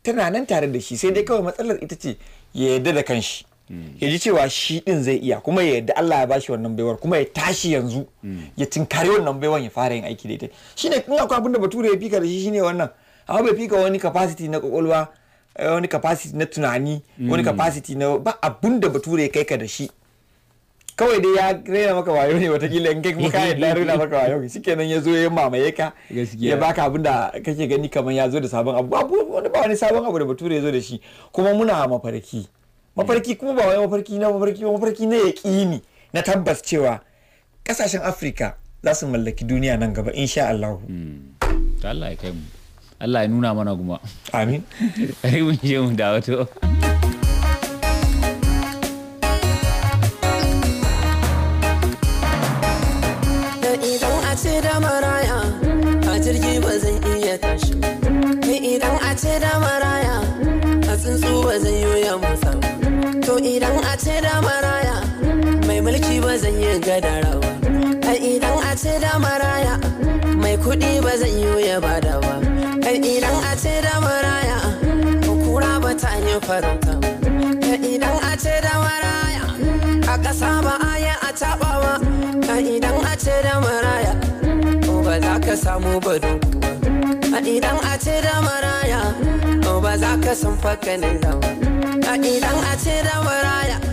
tana nan tare da shi sai dai kawai matsalar ita ce ya yarda da kanshi hmm. ya ji cewa shi din zai iya kuma ya yarda Allah ya bashi wannan baiwar kuma ya tashi yanzu hmm. ya tinkari wannan baiwar ya fara yin aiki da ita shine kuma akwai abin da bature ya fika da shi shine wannan amma bai fika wani capacity na kwakwalwa eh, wani capacity na tunani hmm. wani capacity na ba abin da bature ya kai ka da shi kawai dai ya rena maka wayo ne watakila in kai kuma ka yadda rena maka wayo kenan ya zo ya mamaye ka ya baka abin da kake gani kamar ya zo da sabon abu babu wani ba wani sabon abu da bature ya zo da shi kuma muna mafarki mafarki kuma ba wai mafarki na mafarki mafarki na ni na tabbas cewa kasashen afirka za su mallaki duniya nan gaba insha Allah hmm. Allah ya kai mu Allah ya nuna mana kuma amin mun je mu dawo to. ga da rawa ai idan a ce da maraya mai kuɗi ba zan yi ya da ba ai idan a ce da maraya kura ba ta yi farauta ai idan a ce da maraya a ƙasa ba a yi a taɓa ba ai idan a ce da maraya ba za ka samu ba a idan a ce da maraya ba za ka san fakanin da ba a idan a ce da maraya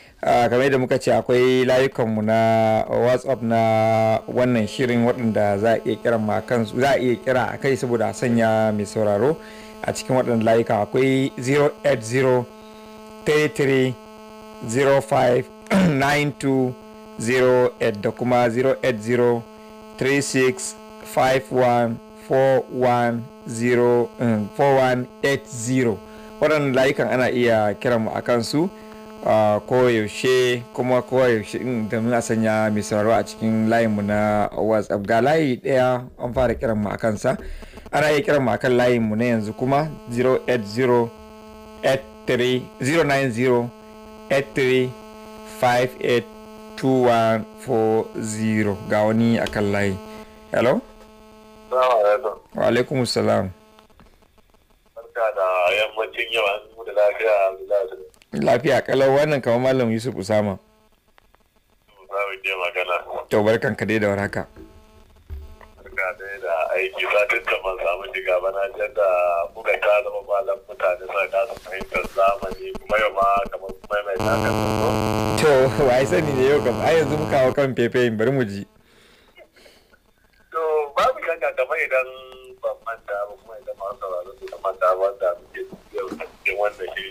Ah, kamar da muka ce akwai layukanmu na whatsapp na wannan shirin waɗanda za a iya kira za a iya kira a kai saboda a sanya mai sauraro a cikin waɗanda layuka akwai 08033059208 da kuma 080 um, waɗannan layukan ana iya kiranmu a kansu koyaushe kuma koyaushe in domin sanya mai sauraro a cikin layinmu na whatsapp ga layi daya an fara kiran mu a kansa ana iya kiran mu a kan layinmu na yanzu kuma 08083 090 83 2140 ga wani a kan layi hello wa alaikum salam barka da yammacin yau an da lafiya lafiya kalau wannan kamar malam yusuf usama to barkan ka dai da warhaka barka dai da aiki za ta taba samu shiga bana da kuka ta zama malam mutane sai ta su fahimtar zamani kuma yau ma kamar kuma mai ta to wai sani ne yau kam ai yanzu muka hawa kan fefayin bari mu ji to babu kanka kamar idan ban manta ba kuma idan masu sauraro su manta wanda muke yau cikin wannan shi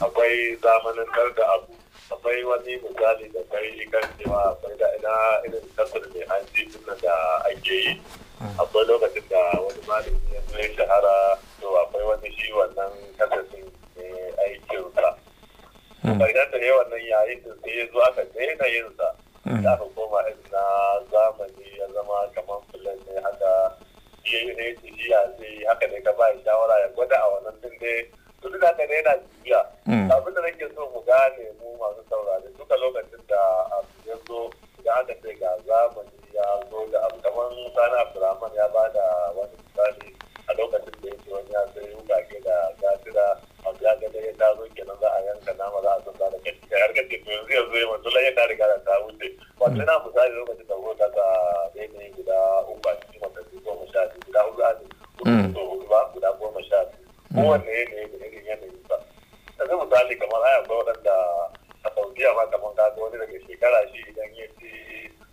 akwai zamanin kar da abu akwai wani misali da kai kan cewa akwai da ina irin tasir mai ji tun da ake yi ah. akwai lokacin da wani malami ya zai shahara to akwai wani shi wannan kasashen aikinsa hmm. idan da yawan nan yayin da sai ya zo aka daina yin sa da hmm. aka koma irin na zamani ya zama kamar filan ne haka iya yi ne shi ya zai haka ne ka ba shawara ya gwada a wannan din dai tun da haka ne yana tafiya mm. abin da nake so mu gane mu masu saurare duka lokacin da abu ya zo da aka ce ga zamani ya zo da abu kamar sani abdulrahman ya ba da wani misali a lokacin da yake wani ya sai wuka ke da gatira a ya ga ya ta zo kenan za a yanka nama za a san da kai ta yarka kace to yanzu yanzu ya mutu ya ta riga da ta wuce wato yana misali lokacin da wuta ta ne guda uku a cikin wata goma sha biyu guda huɗu a cikin guda goma sha biyu mm. kowanne ne ne yanzu misali kamar ai akwai waɗanda a saudiya ma kamar ka wani daga shekara shi idan ya ci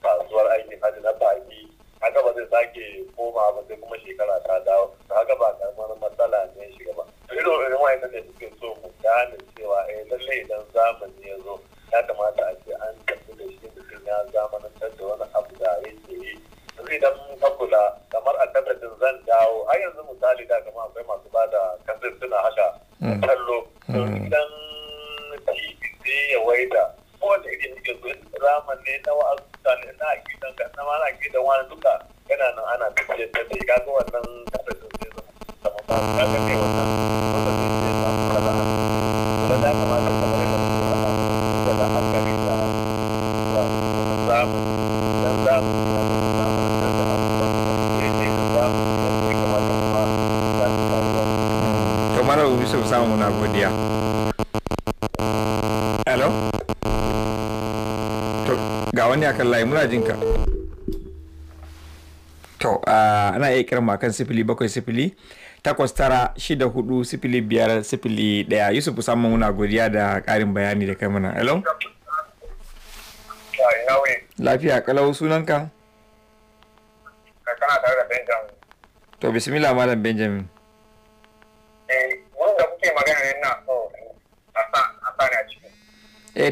kasuwar aikin hajji na baki haka ba zai sake koma ba sai kuma shekara ta dawo haka ba karamar matsala ne shiga ba irin irin wa'annan da suke so mu gane cewa eh lallai idan zamani ya zo ya kamata a ce an tafi da shi mutum ya zamanantar da wani abu da yake yi yanzu idan ka kula kamar a kasashen zan dawo har yanzu misali da kamar akwai masu ba da kasir suna haka kallo mm. Hmm. dan shi ne ya waita kowace irin cikin su raman ne na wa'azu na akidan ka na mana gidan wani duka yana nan ana tafiyar da ka ga kana kan layi muna jin ka to ana iya kiran ma kan sifili bakwai sifili takwas tara shida hudu sifili biyar sifili daya yusuf musamman muna godiya da karin bayani da kai mana hello lafiya kalau sunanka kana tare da benjamin to bismillah malam benjamin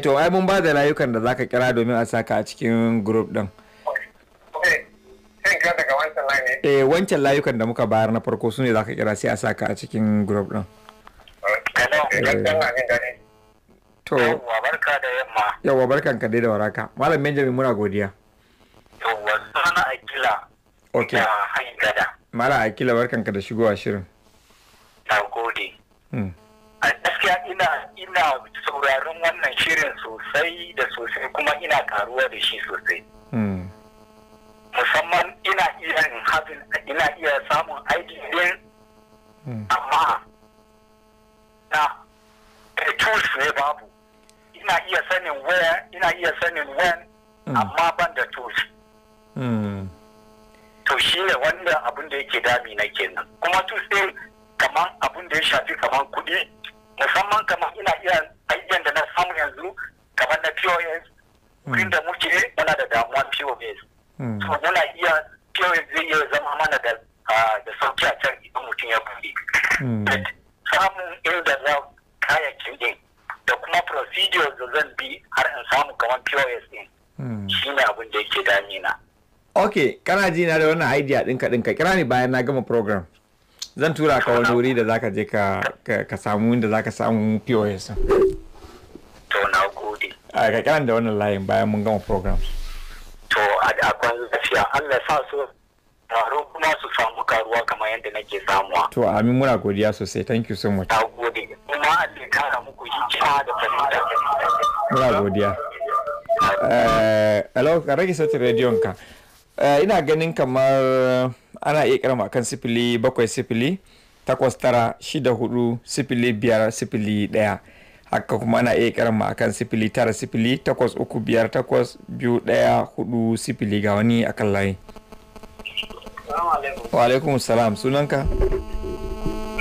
Eh, to ai mun ba da layukan da zaka kira domin a saka a cikin group din eh wancan layukan da muka bayar na farko su ne zaka kira sai a saka a cikin group din eh. to barka da yamma wa barkan ka dai da waraka malam benjamin muna godiya yawa sana akila okay mala akila barkan ka da shigowa shirin ina karuwa da shi sosai hmm. musamman ina iya hafin ina iya samun aiki din hmm. amma na tools ne babu ina iya sanin where ina iya sanin when hmm. amma ban da tools to shi ne wanda abin da yake dami na kenan kuma tools din kamar abin da ya shafi kamar kuɗi musamman kamar ina iya aikin da na samu yanzu kamar na POS wurin hmm. da muke muna da damuwan POS hmm. so muna iya POS zai iya zama mana da da sauki a can idan mutum ya buɗe hmm. samun inda za kaya din da kuma procedures da zan bi har in samu kamar POS din ne abin da yake damina ok kana ji na da wannan idea ɗinka ɗinka kira ni bayan na gama program zan tura ka wani wuri da zaka je ka samu inda zaka samu POS. To na a ah, ka kiran da wannan layin bayan mun gama program to a da kwan lafiya Allah sa su taro kuma su samu karuwa kamar yadda nake samuwa to amin muna godiya sosai thank you so much ta gode kuma a ce kara muku hikima da fahimta muna godiya eh, hello ka rage sautin rediyon ka eh, ina ganin kamar ana iya kirama kan sifili bakwai sifili takwas tara shida hudu sifili biyar sifili daya haka kuma na iya kiran mu akan sifili tara sifili takwas uku biyar takwas biyu ɗaya hudu sifili ga wani akan layi. Wa alaikum salam sunanka?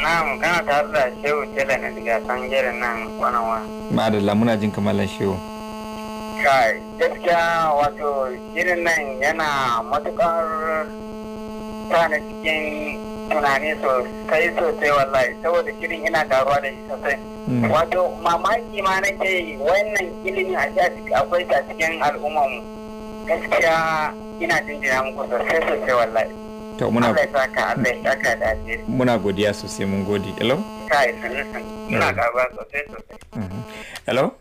Na'am kana tare da Shehu Tela na daga Sangerin nan kwanawa. Madalla muna jin kamar Shehu. Kai gaskiya wato irin nan yana matukar sa cikin tunani sosai sosai wallahi saboda kirin ina garuwa da shi sosai mm. wato mamaki ma ke yi wannan ilimin a akwai ta cikin al'ummarmu gaskiya ina jinjina muku sosai sosai wallahi to muna Allah ya saka Allah ya saka da muna godiya sosai mun gode hello kai ina garuwa sosai sosai mm-hmm. hello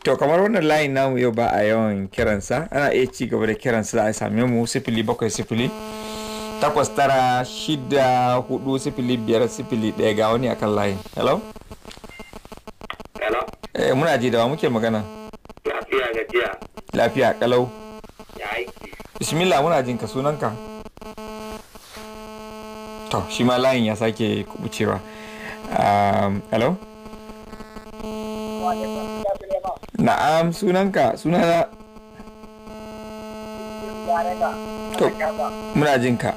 To kamar wannan layin namu yau ba a yawan kiransa ana iya ci gaba da kiransa za a same mu sifili bakwai sifili takwas tara shida hudu sifili biyar sifili ɗaya ga wani akan layin hello hello eh muna ji dawa muke magana lafiya gajiya lafiya kalau ya aiki bismillah muna jin ka sunanka to shi ma layin ya sake kubucewa um, hello na'am sunanka sunana to muna jin ka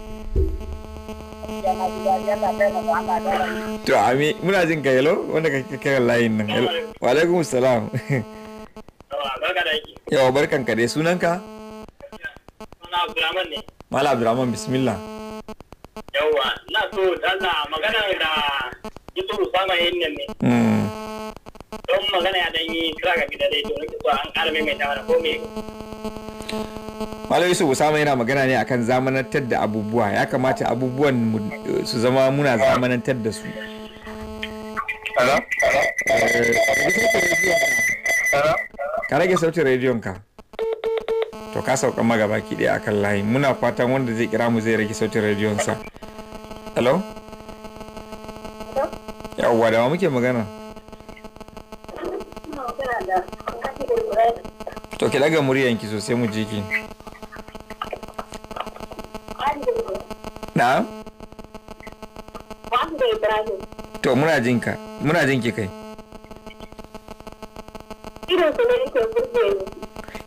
to ami muna jin ka yalo wanda ka kira layin nan wa alaikum salam yawa barkan ka dai sunan ka mala abdurrahman bismillah yawa na so dalla magana da yusuf sama yin nan ne hmm. don magana ya dan yi kira ga gida dai to nake so an ƙara mai mana ko me Malam Yusuf Usama yana magana ne akan zamanantar da abubuwa ya kamata abubuwan eh, su zama muna zamanantar da su. Ka rage sautin rediyon ka. To ka sauka magabaki ɗaya akan layi muna fatan wanda zai kira mu zai rage sautin rediyon sa. Hello? Yawwa da muke magana. To ki daga muryanki sosai mu ji ki. na'am to muna jin ka muna jin ki kai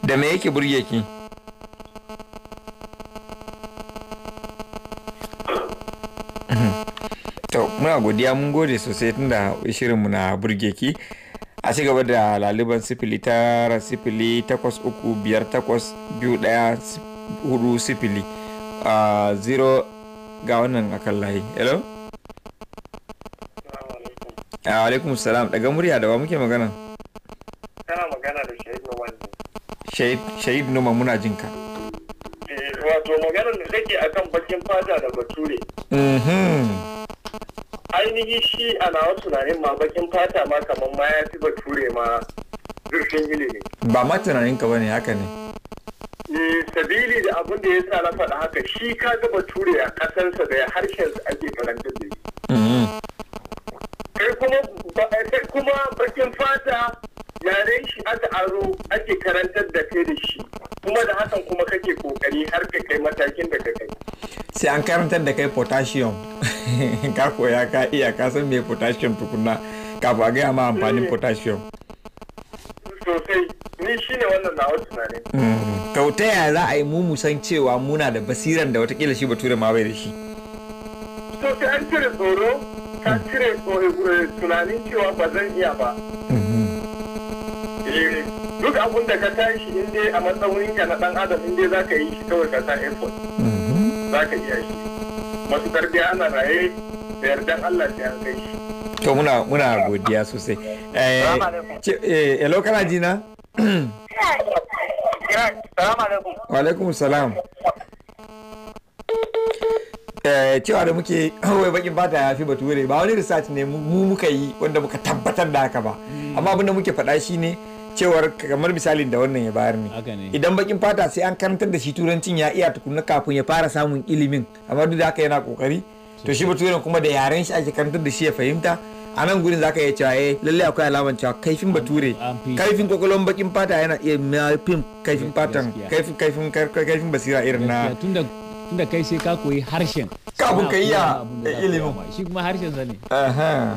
da me yake burge ki to muna godiya mun gode sosai tunda shirinmu na burge ki a ci gaba da laliban sifili tara sifili takwas uku biyar takwas biyu daya hudu sifili a zero ga wannan akan layi hello alaikum salam daga murya da ba muke magana kana magana da shahid numan shahid shahid numan muna jin ka eh, wato magana da take akan bakin fata da bature mm-hmm. ainihi shi a wasu tunanin ma bakin fata ma kamar ma ya fi bature ma zurfin ilimi ba ma tunanin ka bane haka ne sabili da abun da ya sa na faɗa haka shi ka ga ture a ƙasarsa da ya harshen su ake karanta da mm-hmm. kai kuma bakin fata yaren shi aka aro ake karantar da kai da shi kuma da hakan kuma kake kokari har ka kai matakin da ka kai sai an karantar da kai potassium ka koya ka iya ka san me potassium tukuna kafin a gaya ma amfanin eh. potassium sosai ni shi ne wannan tunani. Mm. za a yi mu musan cewa muna da basiran da watakila shi bature ma bai da shi. So ta an cire tsoro ka cire eh, tunanin cewa ba zan iya ba. Mm-hmm. Eh, duk abun da ka tashi inda a matsayin ka na dan adam inda za ka yi shi kawai ka sa effort. Mm-hmm. za ka iya shi. masu tarbiya ana raye da yardan Allah sai an kai shi. to muna muna godiya sosai eh, eh hello kana na wa alaikum salam eh, cewa da muke oh, wai bakin bata ya fi bature ba wani research ne mu muka yi wanda muka tabbatar da haka ba amma abinda muke faɗa shi ne cewar kamar misalin da wannan ya bayar ne idan bakin fata sai an karantar da shi turancin ya iya tukunna kafin ya fara samun ilimin amma duk da haka yana kokari to shi baturen kuma da yaren shi ake karantar da shi ya fahimta a nan gurin zaka iya cewa eh lalle akwai alaman cewa kaifin bature kaifin kokolon bakin fata yana iya mafin kaifin fatan kaifin kaifin kaifin basira irin na tunda tunda kai sai ka koyi harshen kafin ka iya ilimin shi kuma harshen sa ne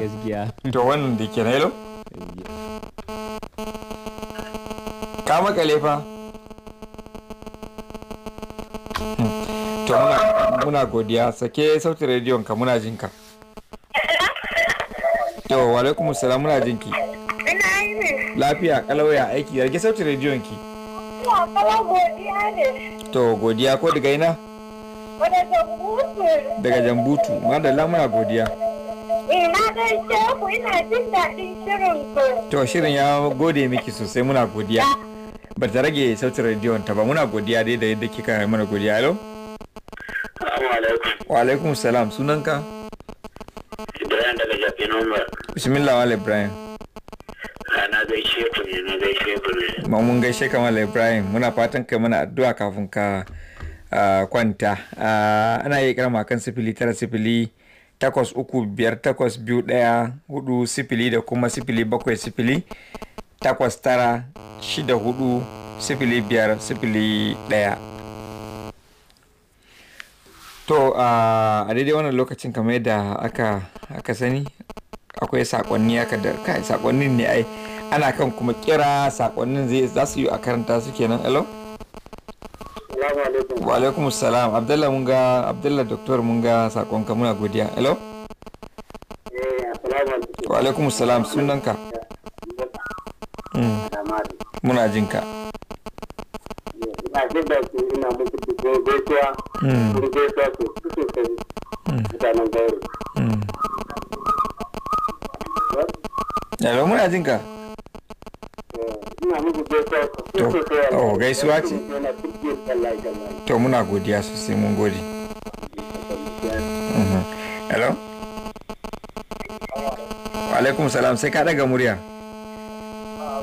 gaskiya to wannan da ke nailo ka makale fa hmm. to muna godiya sake sautin rediyon ka muna jinka Yawa wa alaikum salam muna jinki. ki. Ina aiki. Lafiya kalauya aiki rage sautin rediyon ki. Ina kala godiya ne. To godiya ko daga ina? Daga Jambutu. Daga Jambutu madalla lamuna godiya. Ina eh, gaishe ku ina jin daɗin shirin ku. To shirin ya gode miki sosai muna godiya. Ba ta rage sautin rediyon ta ba muna godiya dai da yadda kika mana godiya. Alo? Wa alaikum salam sunanka? Ibrahim daga Jafi Nomba. Bismillah Wale Ibrahim. Ah, na gaishe ku ne, na gaishe ku ne. Ma mun gaishe ka Wale Ibrahim, muna fatan kai mana addu'a kafin ka ah, kwanta. Ah, ana yi kira kan sifili tara sifili takwas uku biyar takwas biyu ɗaya hudu sifili da kuma sifili bakwai sifili takwas tara shida hudu sifili biyar sifili ɗaya. to a daidai wannan lokacin kamar yadda aka aka sani akwai sakonni aka da kai sakonnin ne ai ana kan kuma kira sakonnin zai za su yi a karanta su kenan alo wa alaikum salam abdullah mun ga abdullah doktor mun ga sakon ka muna godiya alo eh, wa alaikum salam sunanka mm. muna jinka Mm. Mm. Mm. Eh, ina jin oh, mm-hmm. salam sai ka daga murya. Ah,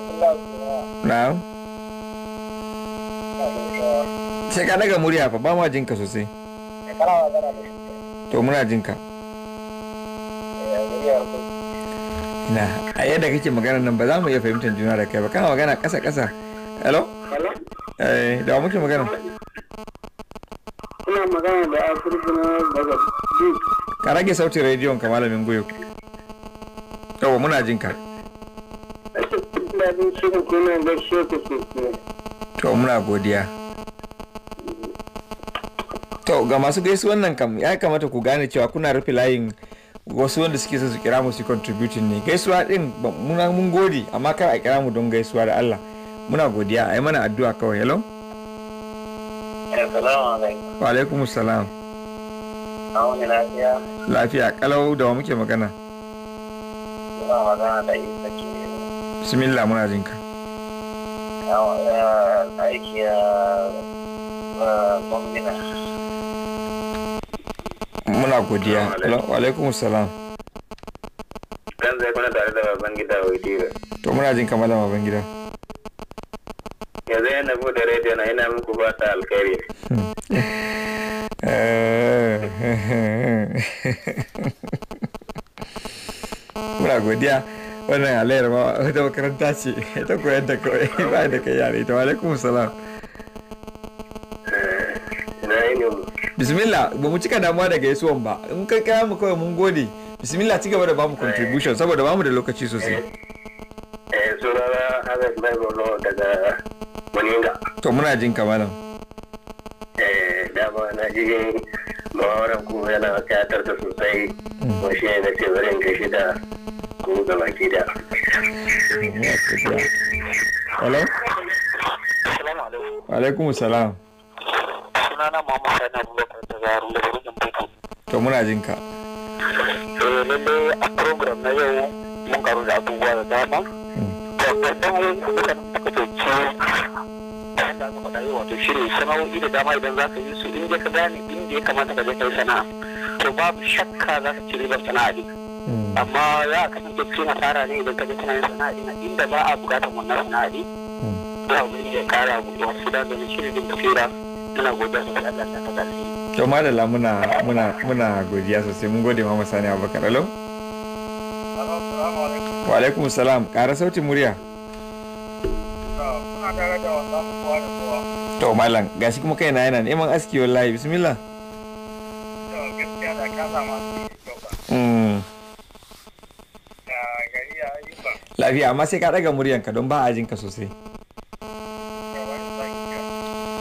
Na'am. shekara ka daga murya fa ba ma jinka sosai to muna jinka na a yadda kake magana nan ba za mu iya fahimtar juna da kai ba kana magana ƙasa ƙasa hello eh da muke magana kuna magana da afirka na daga ka rage sautin rediyon ka malamin goyo yawa muna jinka to muna godiya to ga masu gaisu wannan kam ya kamata ku gane cewa kuna rufe layin wasu wanda suke su kira mu su contributing ne gaisuwa din muna mun gode amma kar a kira mu don gaisuwa da Allah muna godiya ai mana addu'a kawai hello wa alaikum salam lafiya lafiya kalau da muke magana muna magana da isa ke bismillah muna jinka eh, aiki ya eh, eh, gwamnati mna godiya alaikum salam to muna jin kamar da baban gida muna godiya wannan alayar ma wata makaranta ce ita koyar da kawai ba da kai yare ita alaikum salam bismillah ba mu cika damuwa daga gaisuwan ba in kai kaya mu kawai mun gode bismillah ci gaba da bamu contribution saboda bamu da lokaci sosai eh, eh sunana Ahmed Maimono daga Maninga to muna jin ka malam eh dama na jin muhawaran ku yana kayatar da sosai hmm. ko shi ne ce bari gashi da ku ga baki da hello alaikum salam sunana Muhammad Sani Abubakar daga Haruna da Rujin Boko. To muna jin ka. Eh lalle a program na yau mun karu da abubuwa da dama. To babban kuɗin da kuka ce da aka faɗa yau wato shine sana'o'i da dama idan za ka yi su inda ka gane inda ya kamata ka je kai sana'a. To babu shakka za ka ci ribar sana'a ne. Hmm. Amma za ka kasance cikin asara ne idan ka je kana yin sana'a inda ba a buƙatar wannan sana'a ne. Za mu iya kara mu da wasu shi da shirin da tsira. ina godiya sosai Allah kyau malala muna muna muna godiya sosai mun gode mama sani abubakar alo wa alaikum salam ƙara sautin murya to malam gashi kuma kai na yana neman aski wallahi bismillah mm. lafiya amma sai ka ɗaga muryanka don ba a jinka sosai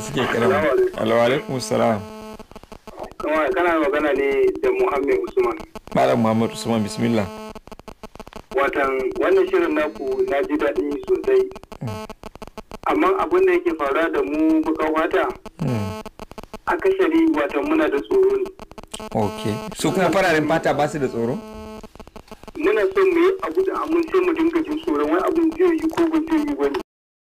suke karama alaikum salam kana magana ne da muhammed usman malam muhammed usman bismillah watan wannan shirin naku na ji daɗin sosai amma abin da yake faruwa da mu buka wata hmm. a kashari watan muna da tsoro ne ok su kuma fararen fata ba su da tsoro muna son mu yi abu da amince mu dinga jin tsoron wani abin zai yi ko ba zai yi ba ne